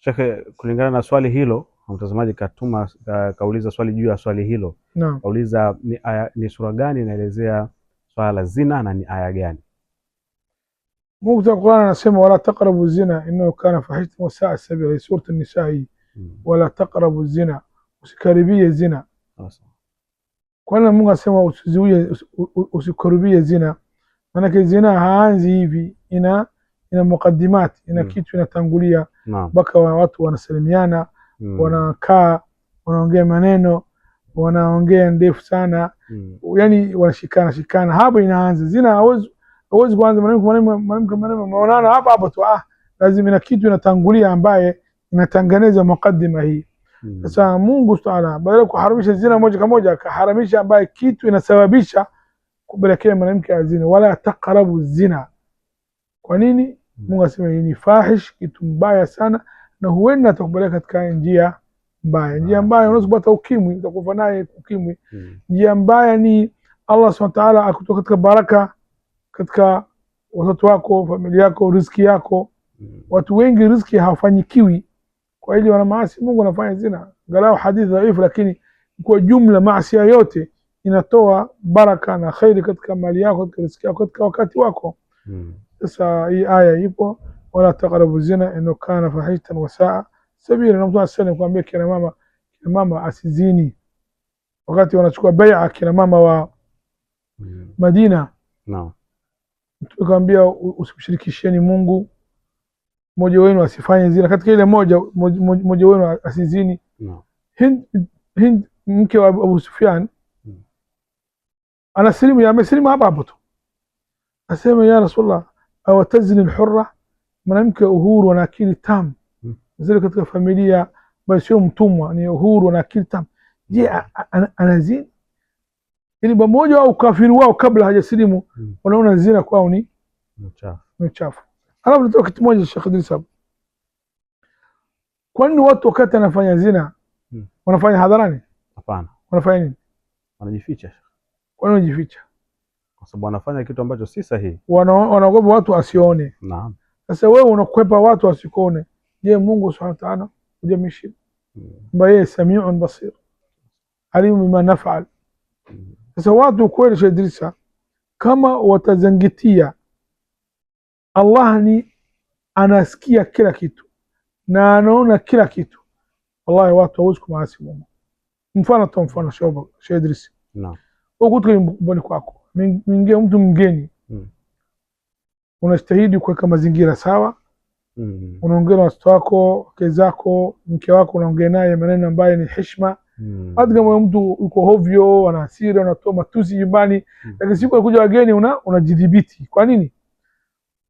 Shekhe, kulingana na swali hilo mtazamaji katuma ka, kauliza swali juu ya swali hilo no. Kauliza ni, aya, ni sura gani inaelezea swala la zina na ni aya gani? Mungu katika Qur'an anasema wala taqrabu zina innahu kana fahishatan wa sa'a sabila, sura an-Nisa hii mm. Wala taqrabu zina, usikaribie zina. Kwa nini Mungu anasema usizuie, usikaribie zina, Maana zina haanzi hivi, ina ina mukaddimat, ina hmm. kitu inatangulia mpaka wa watu wanasalimiana mm. wanakaa wanaongea maneno wanaongea ndefu sana mm. yani wanashikana shikana, hapo inaanza zina. Hawezi kuanza mwanamke maonana hapo hapo tu, ah, lazima na kitu inatangulia ambaye inatangeneza mukaddima hii mm. sasa mm. Mungu Taala badala kuharamisha zina moja kwa moja akaharamisha ambaye kitu inasababisha kupelekea mwanamke azini, wala taqrabu zina. Kwa nini? Mungu asema ni fahish, kitu mbaya sana, na huenda atakupeleka katika njia mbaya. Njia ah. mbaya unaweza kupata ukimwi, utakufa naye ukimwi. Hmm. Njia mbaya ni Allah subhanahu wa ta'ala akutoa katika baraka katika watoto wako, familia yako, riziki yako. Hmm. Watu wengi riziki hawafanyikiwi kwa hili wana maasi, Mungu anafanya zina, galau hadithi dhaifu, lakini kwa jumla maasi yote inatoa baraka na khairi katika mali yako, katika riziki yako, katika wakati wako. Hmm. Sasa hii aya ipo, wala taqrabu zina inna kana fahishatan wa saa sabila. Na Mtume sallallahu kuambia kina mama, kina mama asizini, wakati wanachukua bai'a kina mama wa Madina. Naam, Mtume kaambia usimshirikisheni Mungu, mmoja wenu asifanye zina, katika ile moja mmoja wenu asizini. Naam, Hind, Hind mke wa Abu Sufyan hmm. anasilimu, amesilimu hapa hapo tu, asema ya Rasulullah hawatazni lhura, mwanamke uhuru ana akili tamu mm. zile katika familia ambayo sio mtumwa, ni uhuru ana akili tamu. Je, anazini ili pamoja au ukafiri wao kabla hajasilimu wanaona zina kwao ni mchafu mchafu. Alafu natoa kitu moja Sheikh Idris kwa nini watu wakati anafanya zina mm. wanafanya hadharani? Hapana, wanafanya nini? Wanajificha. Kwa nini wanajificha? sababu wanafanya kitu ambacho si sahihi, wanaogopa watu wasione. Naam. Sasa wewe unakwepa watu wasikuone, je, Mungu subhanahu wa ta'ala hujamshiba? Mm. Ambaye yeye samiun basir alimu bima nafal. Mm. Sasa watu kweli, Sheikh Idrisa, kama watazangitia Allah ni anasikia kila kitu na anaona kila kitu, wallahi watu hawezi kumwasi Mungu. Mfano tu mfano, Sheikh Idrisa, naam, wewe nyumbani kwako mingia mtu mgeni mm. unastahidi kuweka mazingira sawa mm. unaongea na watoto wako, wake zako, mke wako, unaongea naye maneno ambayo ni heshima mm. hata kama mtu uko hovyo, ana hasira, unatoa matusi nyumbani mm. lakini siku anakuja wageni una unajidhibiti. Kwa nini?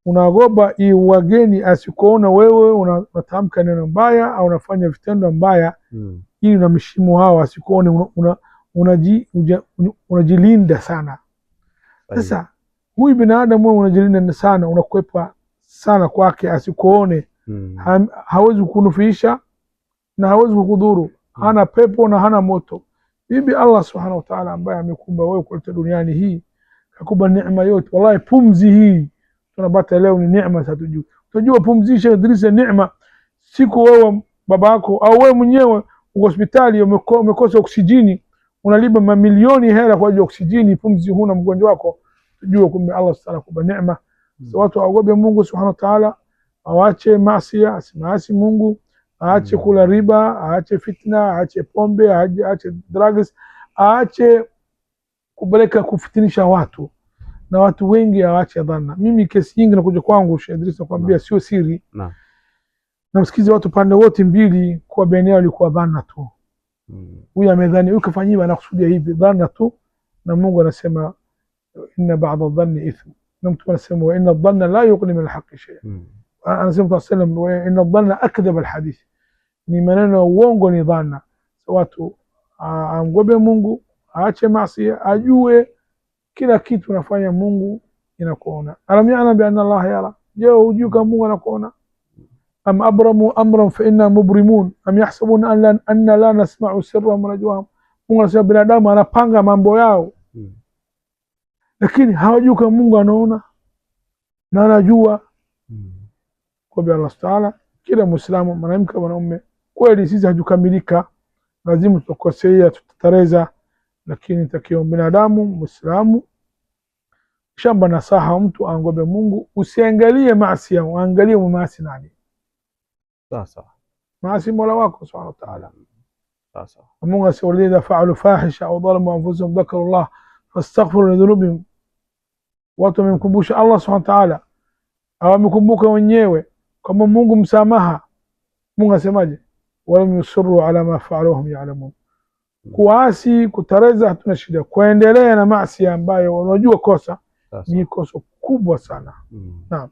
Unaogopa i wageni asikuona wewe unatamka neno mbaya au unafanya vitendo mbaya mm. ili na unamheshimu hao asikuone, unajilinda una, una, una, una, una sana mm. Sasa huyu binadamu wewe unajilinda sana, unakwepa sana kwake asikuone hmm. ha, hawezi kukunufisha na hawezi kukudhuru hmm. hana pepo na hana moto. Bibi Allah subhanahu wa ta'ala, ambaye amekumba wewe kuleta duniani hii, kakupa neema yote. Wallahi, pumzi hii tunapata leo ni neema, hatujui. Unajua pumzi Sheikh Idris neema, siku wewe babako au wewe mwenyewe uko hospitali umekosa oksijini unalipa mamilioni hela kwa ajili ya oksijeni, pumzi huna, mgonjwa wako, tujue kumbe Allah subhanahu wa kuba neema. So mm. watu waogope Mungu subhanahu wa ta'ala, awache maasi, asimaasi Mungu, aache mm. kula riba, aache fitna, aache pombe, aache drugs, aache kupeleka kufitinisha watu na watu wengi hawaache dhana. Mimi kesi nyingi nakuja kwangu Sheikh Idris, nakwambia sio siri, na, msikizi watu pande wote mbili, kwa benea walikuwa dhana tu Mm. huyu amedhani huyu kafanyiwa anakusudia hivi, dhana tu, na Mungu anasema inna ba'da dhanni ithm, na mtu anasema wa inna dhanna la yughni min alhaqi shay'a. Mm. Anasema kwa sallam wa inna dhanna akdhab alhadith, ni maneno uongo, ni dhana. Watu amgobe Mungu, aache maasi, ajue kila kitu nafanya Mungu inakuona. Alam yana bi anna Allah yara, je, hujui kama Mungu anakuona? am abramu amran fa inna mubrimun am yahsabuna an la, anna la nasma'u sirrahum wa najwahum. Mungu anasema binadamu anapanga mambo yao hmm. lakini hawajui kama Mungu anaona na anajua hmm. kwa bi Allah taala, kila Muislamu mwanamke mwanaume, kweli sisi hajukamilika, lazima tutakosea, tutatareza, lakini takiwa binadamu Muislamu shamba nasaha, mtu angobe Mungu, usiangalie maasi, yao, angalie maasi nani سوا مع اسم مولا واكو سبحانه وتعالى أمون سوا الذين فعلوا فاحشة أو ظلموا أنفسهم ذكروا الله فاستغفروا لذنوبهم واتوا من كبوش الله سبحانه وتعالى أو من كبوك ونيوي كما مونغو مسامها مونغا سماجي ولم يصروا على ما فعلوهم يعلمون كواسي kutareza hatuna shida kuendelea na maasi ambayo unajua kosa ni kosa kubwa sana